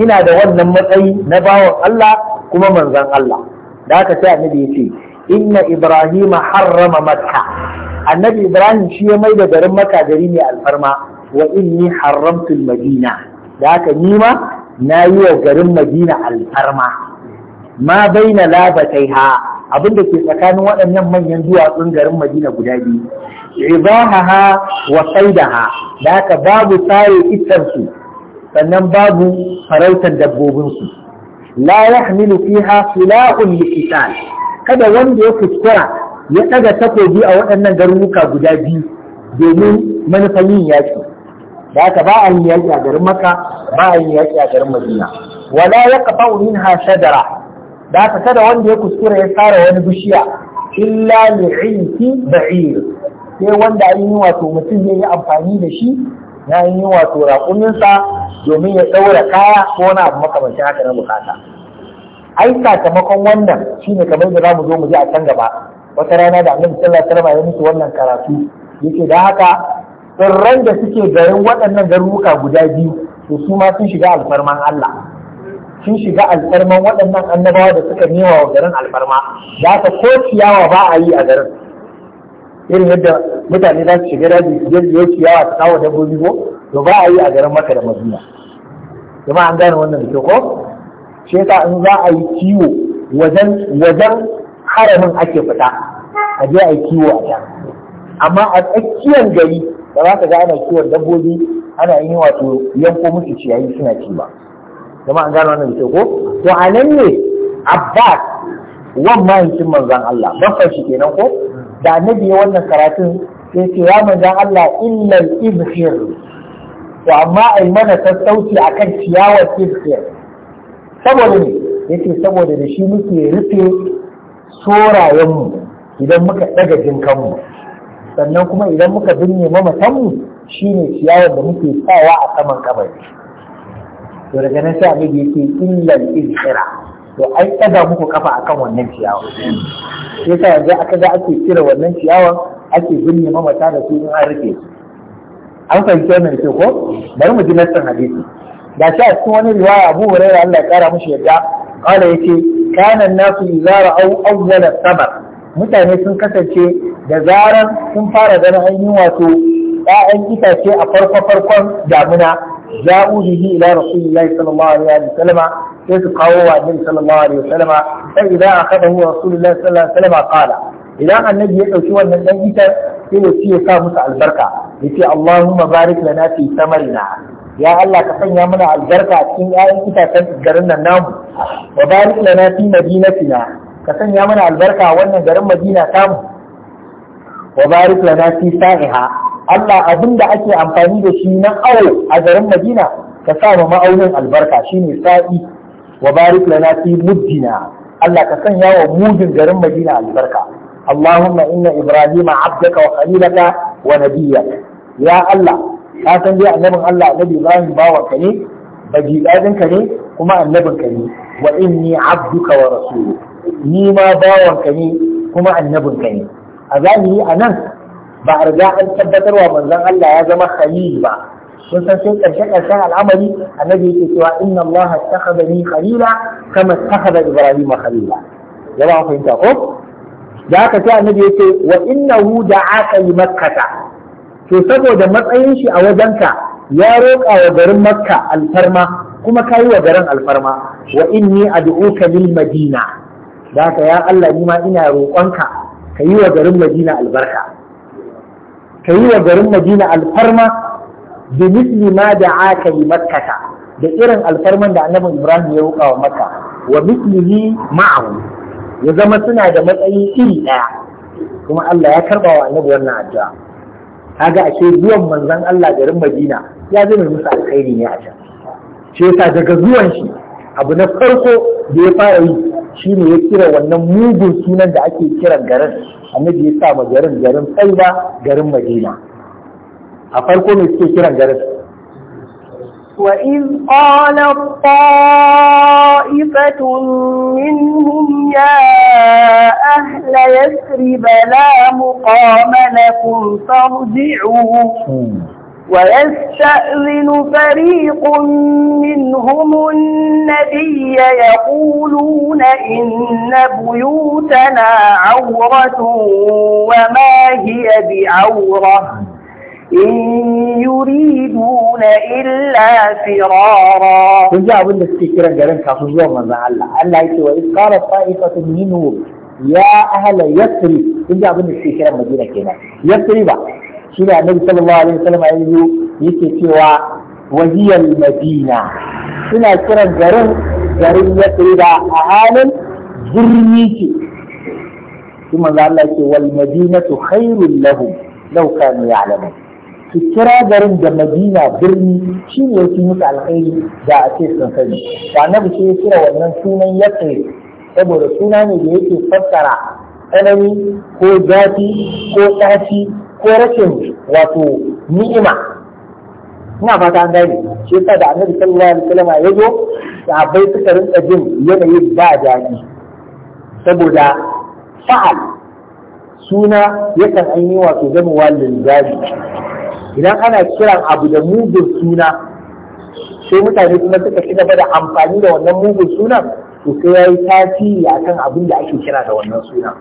ina da wannan matsayi na bawan Allah kuma manzon Allah da haka sai annabi ya ce inna ibrahima harrama makka annabi ibrahim shi ya mai da garin makka gari ne alfarma wa inni haramtu madina da haka ni ma na yi wa garin madina alfarma ma baina labatai ha abin da ke tsakanin waɗannan manyan duwatsun garin madina guda biyu ribaha wa saidaha da haka babu sare ittarsu sannan babu farautar dabbobinsu la yahmilu fiha silahun liqital kada wanda ya kuskura ya ɗaga takobi a waɗannan garuruka guda biyu domin manufan yin yaki da haka ba a yi yaƙi a garin maka ba a yi yaƙi a garin madina wala ya kafa ha shadara da haka kada wanda ya kuskura ya tsara wani bishiya illa li'ilki ba'ir sai wanda an yi wato mutum zai yi amfani da shi na yi wato raƙuninsa domin ya ɗaura kaya ko wani abu makamashin haka na bukata ai sakamakon wannan shine kamar da za mu zo mu ji a can gaba wata rana da annabi sallallahu alaihi wasallam ya mutu wannan karatu yake da haka tsirran da suke garin waɗannan garuruka guda biyu to su ma sun shiga alfarman Allah sun shiga alfarman waɗannan annabawa da suka nema wa garin alfarma za ka ko ciyawa ba a yi a garin irin yadda mutane za su shiga daji su yi ciyawa ta kawo dabbobi ko to ba a yi a garin maka da madina jama'a an gane wannan da ko shi yasa in za a yi kiwo wajen wajen haramin ake fita a je a yi kiwo a can amma a tsakiyar gari ba za ka ga ana kiwon dabbobi ana yin wato yanko musu ciyayi suna ci ba kuma an gano wannan ko to a nan ne abbas wan mahaifin manzan Allah bakwai shi kenan ko da na ya wannan karatun sai ce ya manzan Allah illal ibhir to amma ai mana sassauci kan ciyawar ibhir saboda ne yace saboda da shi muke rufe sorayenmu idan muka daga jinkanmu sannan kuma idan muka binne mamatanmu shine ciyawar da muke sawa a saman kabari to daga nan sai annabi yake illal izhira to ai ɗaga muku kafa akan wannan ciyawa sai sa yanzu aka ga ake cire wannan ciyawar ake binne mamata da su in an rufe su an fahimci wannan ke ko bari mu ji nassan hadisi da shi a cikin wani riwaya Abu Hurairah Allah ya kara mishi yadda qala yace kana an-nasu idza ra'aw awwala sabar mutane sun kasance da zarar sun fara ganin ainihin wato ‘ya'yan itace a farko-farkon damina. ja'u bihi ila rasulillahi sallallahu alaihi wa sallama sai su kawo wa annabi sallallahu alaihi wa sallama sai idan akhadahu rasulullahi sallallahu alaihi wa sallama qala idan annabi ya dauki wannan dan itar sai ya ce ya sa musu albarka ya ce Allahumma barik lana fi samarina ya Allah ka sanya mana albarka cikin ‘ya'yan itacen garin nan namu wa barik lana fi madinatina ka sanya mana albarka a wannan garin madina tamu wa barik lana fi sa'iha Allah abin da ake amfani da shi na awo a garin madina ka sa mu ma'aunin albarka shine sa'i wa barik lana fi muddina Allah ka sanya wa mudin garin madina albarka Allahumma inna ibrahima abdaka wa khalilaka wa nabiyyaka ya Allah ka san dai annabin Allah annabi Ibrahim bawanka ne baji ka ne kuma annabin ka ne wa inni abduka wa rasuluka ni ma bawanka ne kuma annabinka ne a zahiri a nan ba a riga an tabbatarwa manzon Allah ya zama khalil ba Sun san sai karshe karshen al'amari annabi yake cewa inna Allah ittakhadha ni khalila kama ittakhadha Ibrahim khalila ya ba fahimta ko da haka sai annabi yake wa innahu da'aka li makkata to saboda matsayin shi a wajenka ya roƙa wa garin makka alfarma kuma kayi wa garin alfarma wa inni ad'uka lil madina da haka ya Allah ni ma ina roƙonka ka yi wa garin Madina albarka ka yi wa garin Madina alfarma bi misli ma da aka yi makkata da irin alfarman da annabin Ibrahim ya roƙa wa makka wa mislihi ma'ahu ya zama suna da matsayi iri ɗaya kuma Allah ya karɓa wa annabi wannan addu'a kaga ashe zuwan manzon Allah garin Madina ya zama musu alkhairi ne a can shi yasa daga zuwan shi abu na farko da ya fara yi shi ne ya kira wannan mugun sunan da ake kiran garin annabi ya sa ma garin garin tsaida garin madina a farko ne suke kiran garin وإذ قالت طائفة منهم يا أهل يثرب لا مقام لكم فارجعوا ويستأذن فريق منهم النبي يقولون إن بيوتنا عورة وما هي بعورة إن يريدون إلا فرارا كنت أقول لك كثيرا جرين كفزوا من الله الله يتوى إذ قالت طائفة منه يا أهل يثرب كنت أقول لك كثيرا مدينة كنا يثرب shi ne annabi sallallahu alaihi wasallam yake cewa wajiyal madina suna kiran garin garin yasriba a halin birni ce shi manzo Allah ce wal madinatu khairul lahum law kanu ya'lamun su kira garin da madina birni shi ne yake musu alkhairi da a ce sun sani da annabi sai ya kira wannan sunan yasrib saboda suna ne da yake fassara tsanani ko zafi ko tsafi ko rashin wato ni'ima ina fata an gane shi yasa da annabi sallallahu alaihi wasallam ya zo abai suka rinka jin yanayin ba daɗi saboda fa'al suna yakan an yi wato ganuwa linzari idan ana kiran abu da mugun suna sai mutane kuma suka ci gaba da amfani da wannan mugun sunan to sai ya yi tasiri akan abin da ake kira da wannan sunan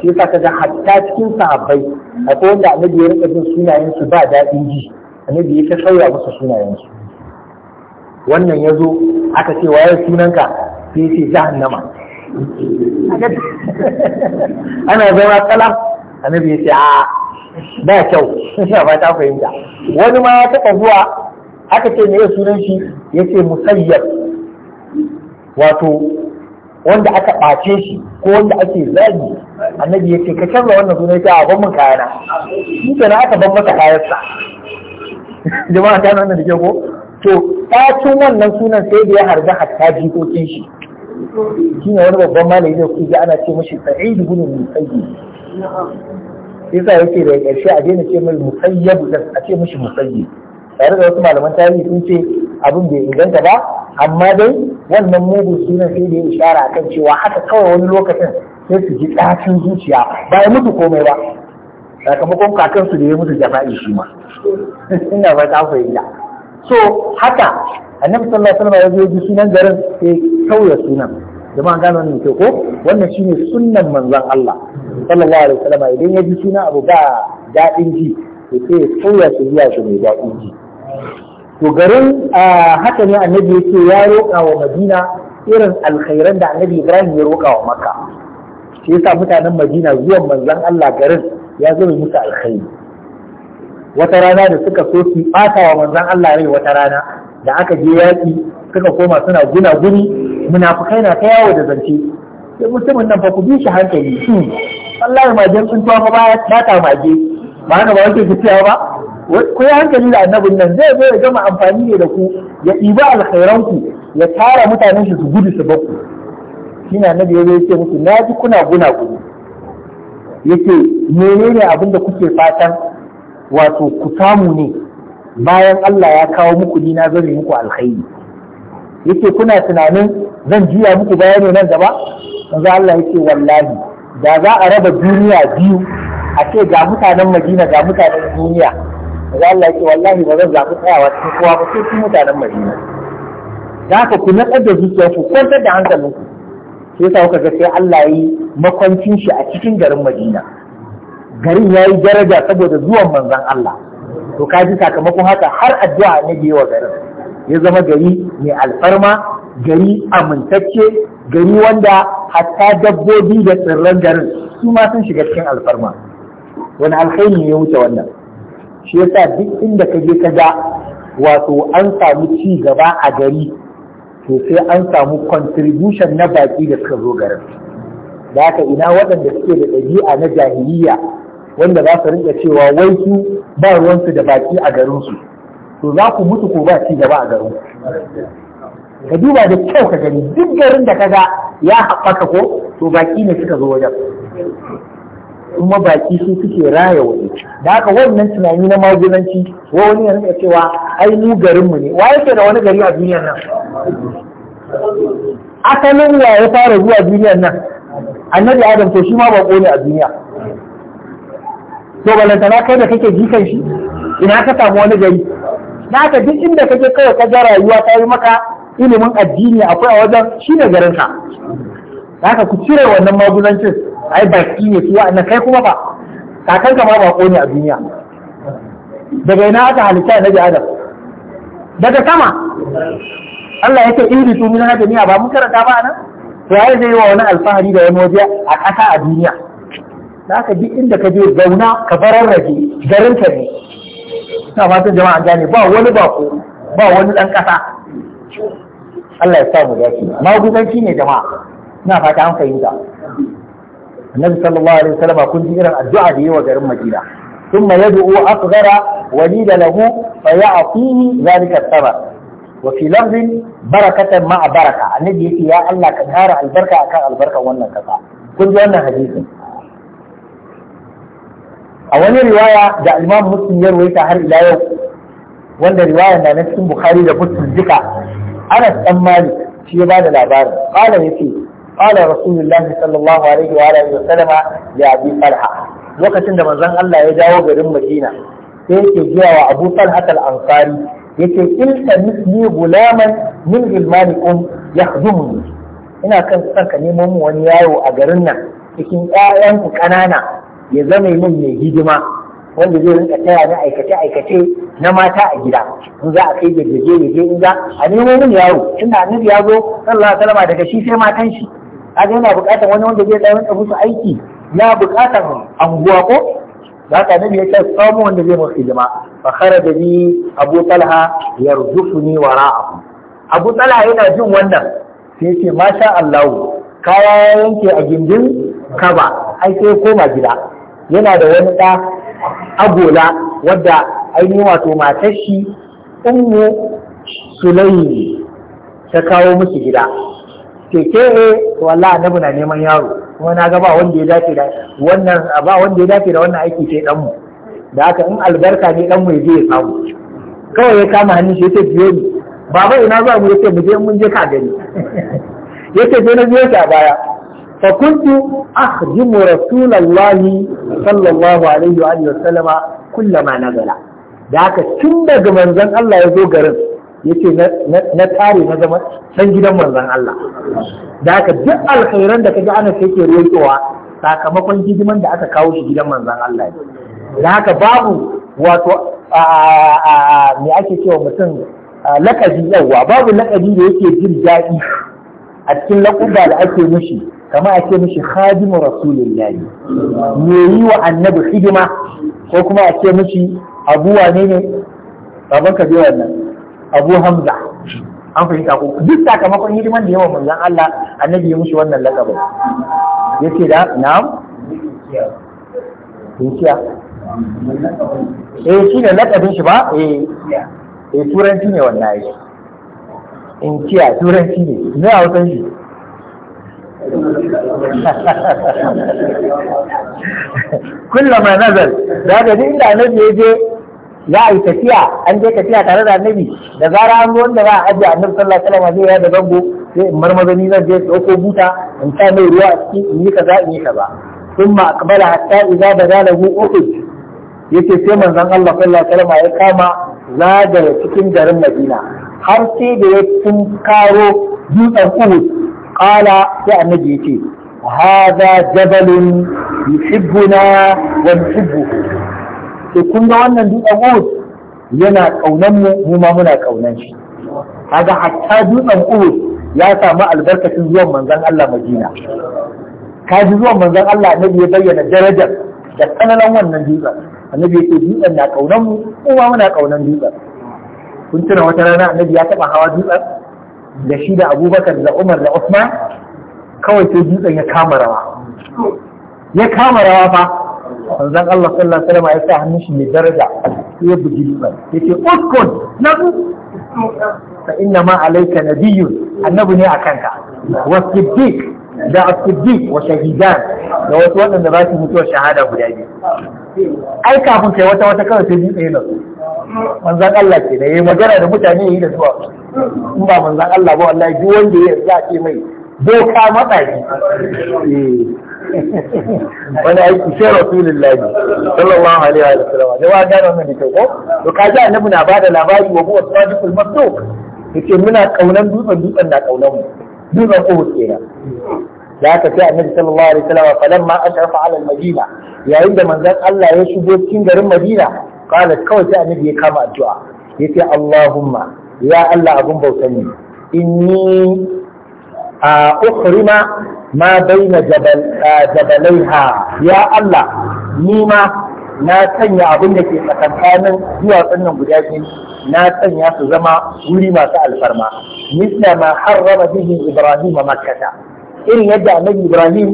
shi yasa kaga hatta cikin sahabbai akwai wanda annabi ya rika jin sunayen su ba daɗin ji annabi ya ta sauya musu sunayen su wannan ya zo aka ce waye sunanka sai ce jahannama ana zama kalam annabi ya ce a ba kyau ina ba ta fahimta wani ma ya taɓa zuwa aka ce me sunan shi ya ce musayyab wato wanda aka ɓace shi ko wanda ake zagi annabi ya ce ka canza wannan suna ya a ban kayana shi na aka ban masa sa, jama'a ta nan da ke ko to ɗacin wannan sunan sai da ya harga hatta jikokin shi shi ne wani babban malami da kuke ana ce mashi sa'id ibn ya yasa yake da ƙarshe a daina ce mai musayyab a ce mashi musayyib tare da wasu malaman tarihi sun ce abin bai inganta ba amma dai wannan mugun sunan sai da ya ishara kan cewa haka kawai wani lokacin sai su ji ɗacin zuciya ba ya mutu komai ba sakamakon kakansu da ya mutu jafa'i shi ma ina ba ta fahimta so haka annabi sallallahu alaihi wasallam ya ji sunan garin sai sauya sunan jama'an gano wannan ke ko wannan shine sunnan manzon Allah sallallahu alaihi wasallam idan ya ji sunan abu ba daɗin ji sai ya sauya shi zuwa mai daɗin ji to garin haka ne annabi yake ya roƙa wa madina irin alkhairan da annabi ibrahim ya roƙa wa maka shi yasa mutanen madina zuwan manzon allah garin ya zama musu alkhairi wata rana da suka so su ɓata wa manzon allah rai wata rana da aka je yaƙi suka koma suna guna guni munafukai na ta yawo da zance sai mutumin nan fa ku bi shi hankali hmm, wallahi majen tsuntuwa fa ba ta mage ba haka ba wake fitiyawa ba ku yi hankali da annabin nan zai zo ya gama amfani ne da ku ya ɗiba alkhairanku ya tara mutanen shi su gudu su bakku shi na annabi ya ce musu na ji kuna guna gudu yake menene abin da kuke fatan wato ku samu ne bayan Allah ya kawo muku ni na zame muku alkhairi yake kuna tunanin zan jiya muku bayani nan gaba manzo Allah yake wallahi da za a raba duniya biyu a ce ga mutanen Madina ga mutanen duniya da Allah ya ce wallahi ba zan zaɓi tsayawa cikin kowa ba sai mutanen Madina za ka ku natsar da zuciyar ku kwantar da hankalin ku sai sa kuka ga sai Allah ya yi makwancin shi a cikin garin Madina garin ya yi daraja saboda zuwan manzon Allah to ka ji sakamakon haka har addu'a ne da wa garin ya zama gari mai alfarma gari amintacce gari wanda hatta dabbobi da tsirran garin su ma sun shiga cikin alfarma wani alkhairi ne ya wuce wannan shi yasa duk inda ka je ka ga wato an samu ci gaba a gari to sai an samu contribution na baki da suka zo garin da haka ina waɗanda suke da ɗabi'a na jahiliya wanda za su rinka cewa wai su ba ruwansu da baki a garinsu to za ku mutu ko ba ci gaba a garin ka duba da kyau ka gani duk garin da ka ga ya haɓaka ko to baki ne suka zo wajen kuma baki su suke raya wani da haka wannan tunani na magudanci wa wani ya rinka cewa ai mu garinmu ne wa yake da wani gari a duniyar nan asalin wa ya fara zuwa duniyar nan annabi adam to shi ma ba ne a duniya to balantana kai da kake jikan shi ina ka samu wani gari da haka duk inda kake kawai ka ga rayuwa ta yi maka ilimin addini akwai a wajen shi ne garinka haka ku cire wannan maguzancin ai baki ne su wa'annan kai kuma ba Kakanka ma bako ne a duniya daga ina aka halitta na adam daga sama Allah yake iri tu min hada niya ba mun karanta ba nan to ai zai yi wa wani alfahari da wani waje a ƙasa a duniya haka duk inda ka je gauna ka barar rage garin ka ne ina masu jama'a gane ba wani bako ba wani dan ƙasa Allah ya sa mu dace magudanci ne jama'a ina fata an fahimta annabi sallallahu alaihi wasallam kun ji irin addu'a da yawa garin Madina thumma yad'u asghara walida lahu fa ya'tihi zalika as-samar wa fi lafzin barakatan ma'a baraka annabi yake ya Allah ka kara albarka akan albarkan wannan kasa kun ji wannan hadisin a wani riwaya da imam muslim ya ruwaita har ila yau wanda riwaya na na cikin bukhari da muslim duka anas dan malik shi ya ba da labarin ya ce. qala rasulullahi sallallahu alaihi wa sallama li abi talha lokacin da manzon Allah ya jawo garin dina. sai yake giyawa wa Abu Talha al-Ansari yake ilka misli gulaman min ilmanikum yakhdumuni ina kan son ka mu wani yaro a garin nan cikin ƴaƴan ku ya zama min mai hidima wanda zai rinka taya na aikace aikace na mata a gida in za a kai gajjaje ne in za a nemo min yaro tunda annabi ya zo sallallahu alaihi daga shi sai matan shi kaga yana bukatar wani wanda zai tsaya wanda musu aiki ya bukatar anguwa ko da haka nabi ya ce tsamu wanda zai musu hidima fa kharaja bi abu talha yarzufuni wara'ahu abu talha yana jin wannan sai ya ce masha Allah kaya yanke a gindin kaba ai sai koma gida yana da wani ɗa agola wadda ainihin wato matashi, shi ummu sulaimi ta kawo musu gida keke ne to Allah annabi na neman yaro kuma na ga ba wanda ya dace da wannan ba wanda ya dace da wannan aiki sai dan mu da haka in albarka ne dan mu ya je ya samu kawai ya kama hannun shi yace biyo ni baba ina zuwa mu yace mu je mun je ka gani yace sai na biyo shi a baya fa kuntu akhdimu rasulullahi sallallahu alaihi wa alihi wa sallama kullama nazala da haka tun daga manzon Allah ya zo garin Ya ce na tare na zama san gidan manzon Allah da haka duk alkhairan da kaji sai ke roƙewa sakamakon hidiman da aka kawo shi gidan manzon Allah ne da haka babu wato me ake cewa mutum lakabi yawa babu lakabi da yake jin daɗi a cikin lakuba da ake mishi kama a ce mishi khadimu yayi me yi wa annabi hidima ko kuma a ce mishi abuwa ne ne baban ka je wannan abu hamza an fahimta ko duk sakamakon hidiman da yawa manzan Allah annabi ya mushi wannan lakabin yace da na'am dukiya eh shi ne lakabin shi ba eh eh turanci ne wannan yayi in kiya turanci ne ne a wasan shi kullama nazar da ga inda annabi ya je za a yi tafiya an je tafiya tare da annabi da zara an wanda za a ajiye annabi sallallahu alaihi wasallam zai ya da zango sai in marmazani zan je dauko buta in sa mai ruwa a ciki in yi kaza in yi kaza thumma aqbala hatta idza badalahu uhud yace sai manzon Allah sallallahu alaihi wasallam ya kama zagaya cikin garin Madina har sai da ya tunkaro dutsen Uhud qala sai annabi yace hadha jabalun yuhibbuna wa sai kun ga wannan dutsen Uhud yana kaunan mu mu ma muna kaunan shi kaga hatta dutsen Uhud ya samu albarkacin zuwan manzon Allah Madina ka ji zuwan manzon Allah annabi ya bayyana darajar da tsananan wannan dutsen annabi ya ce dutsen na kaunan mu mu ma muna kaunan dutsen kun tuna wata rana annabi ya taba hawa dutsen da shi da Abubakar da Umar da Usman kawai sai dutsen ya kama rawa ya kama rawa fa Wanzan Allah sallallahu alaihi wasallam ya sa hannun shi mai daraja ya bugi dutsen yace uskun nabu fa inna ma alayka nabiyyun annabi ne akan ka wa siddiq da siddiq wa shahidan da wasu waɗanda za su mutuwa shahada guda biyu ai kafin kai wata wata kawai sai dutse na su manzon Allah ke da yayi magana da mutane yi da zuwa in ba manzon Allah ba wallahi duk wanda ya za a ce mai boka matsayi eh. wani aiki sai rasulullahi sallallahu alaihi wa sallam jama'a gane wannan da kyau to kaji annabi na bada labari wa huwa sadiqul masduq yace muna kaunan dutsen dutsen na kaunan mu dutsen Uhud kenan da aka ce annabi sallallahu alaihi wasallam falan ma ashrafa ala al-madina yayin da manzon Allah ya shigo cikin garin Madina kana kawai sai annabi ya kama addu'a yace Allahumma ya Allah abun bautan ni inni a ukhrima ma baina jabalaiha ya Allah ni ma na sanya abin da ke tsakankanin duwatsun nan guda biyu na sanya su zama wuri masu alfarma misna ma harrama bihi ibrahim makkata irin yadda annabi ibrahim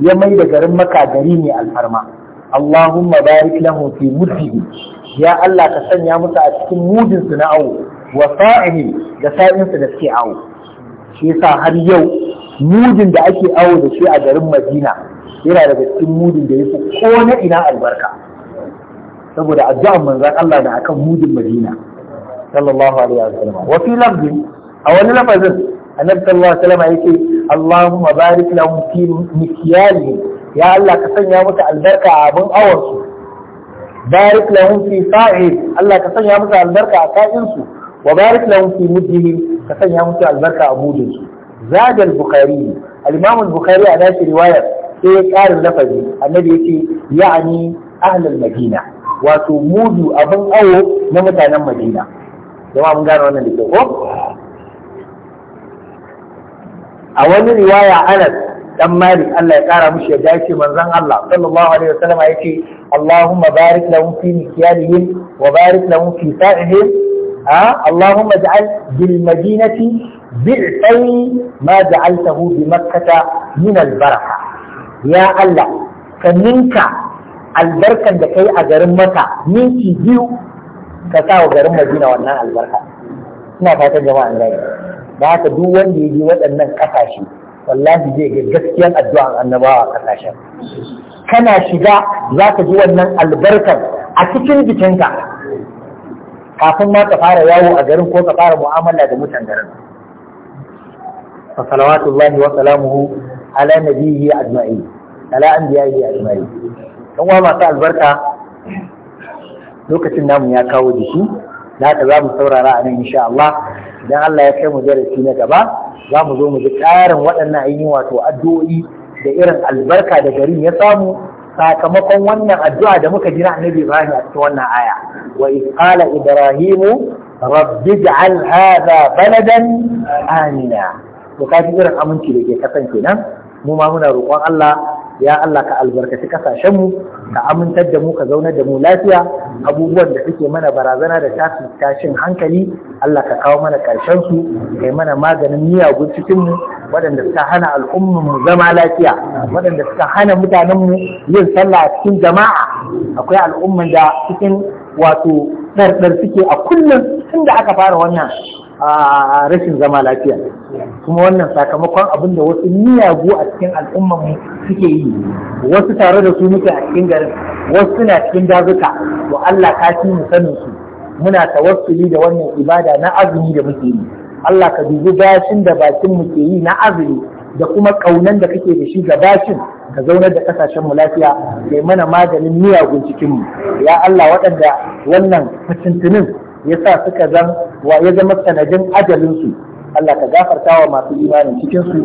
ya mai da garin makka gari ne alfarma allahumma barik lahu fi muddihi ya Allah ka sanya musu a cikin mudin su na awo wa sa'ihi da sa'in su da suke awo shi yasa har yau mudin da ake awo da shi a garin madina yana daga cikin mudin da ya fi ko na ina albarka saboda addu'an manzan Allah na akan mudin madina sallallahu alaihi wa sallam wa fi lafzin a wani lafazin annabi sallallahu alaihi wa sallam yake Allahumma barik lahum fi mikyali ya Allah ka sanya musu albarka a abin awon su barik lahum fi sa'i Allah ka sanya musu albarka a ka'in su wa barik lahum fi muddihim ka sanya musu albarka a mudin su zagal bukhari al-imam al-bukhari a dace riwaya sai ya karin lafazi annabi yace ya'ani ahlul madina wato mudu abin awo na mutanen madina jama'a mun gane wannan da ke ko a wani riwaya anas dan malik Allah ya kara mushi ya dace manzon Allah sallallahu alaihi wasallam yake Allahumma barik lahum fi mikyalihim wa barik lahum fi sa'ihim ها اللهم اجعل بالمدينة بعثي ما جعلته بمكة من البركة يا الله كمنك البركة لكي أجرم مكة منك بيو كتاو جرم مدينة وانا البركة ina fatan jama'an rai da haka duk wanda ya yi waɗannan ƙasashe wallahi zai ga gaskiyar addu'an annabawa a ƙasashen kana shiga za ka ji wannan albarkar a cikin jikinka kafin ma ka fara yawo a garin ko ka fara mu'amala da mutan garin fa salawatullahi wa salamuhu ala nabiyyi ajma'in ala anbiya'i ajma'in dan wa masu albarka lokacin namu ya kawo jiki da haka za mu saurara a nan insha Allah idan Allah ya kai mu darasi na gaba za mu zo mu ji ƙarin waɗannan ainihin wato addu'o'i da irin albarka da garin ya samu sakamakon wannan addu'a da muka jira annabi Ibrahim a cikin wannan aya wa isqala ibrahimu rabbi ij'al hadha baladan amina to irin aminci da ke kasan kenan mu ma muna roƙon Allah ya Allah ka albarkaci kasashen mu ka amintar da mu ka zaunar da mu lafiya abubuwan da suke mana barazana da tashin tashin hankali Allah ka kawo mana karshen su kai mana maganin miyagun cikin mu waɗanda suka hana al'ummar mu zama lafiya waɗanda suka hana mutanen mu yin sallah a cikin jama'a akwai al'umman da cikin wato ɗarɗar suke a kullum tun da aka fara wannan a rashin zama lafiya kuma wannan sakamakon abin da wasu miyagu a cikin al'ummar mu suke yi wasu tare da su muke a cikin garin wasu suna cikin dazuka to Allah ka ci mu sanin su muna tawassuli da wannan ibada na azumi da muke yi Allah ka dubi bashin da bakin mu ke yi na azumi da kuma kaunan da kake da shi ga bashin ka zaunar da kasashen mu lafiya kai mana maganin miyagun cikin mu ya Allah waɗanda wannan fitintinin ya sa suka zan wa ya zama sanadin ajalinsu Allah ka gafarta wa masu imanin cikinsu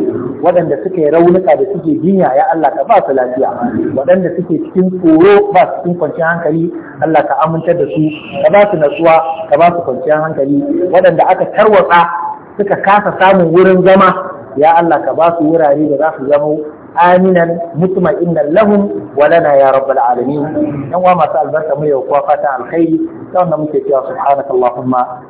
waɗanda suke raunuka da suke jinya ya Allah ka ba su lafiya waɗanda suke cikin tsoro ba su cikin kwanciyar hankali Allah ka amintar da su ka ba su natsuwa ka ba su kwanciyar hankali waɗanda aka tarwatsa suka kasa samun wurin zama ya Allah ka ba su wurare da za su zama aminan mutma'innan lahum wa lana ya rabbal alamin yan masu albarka mu yau kuwa fata alkhairi sai muke cewa subhanakallahumma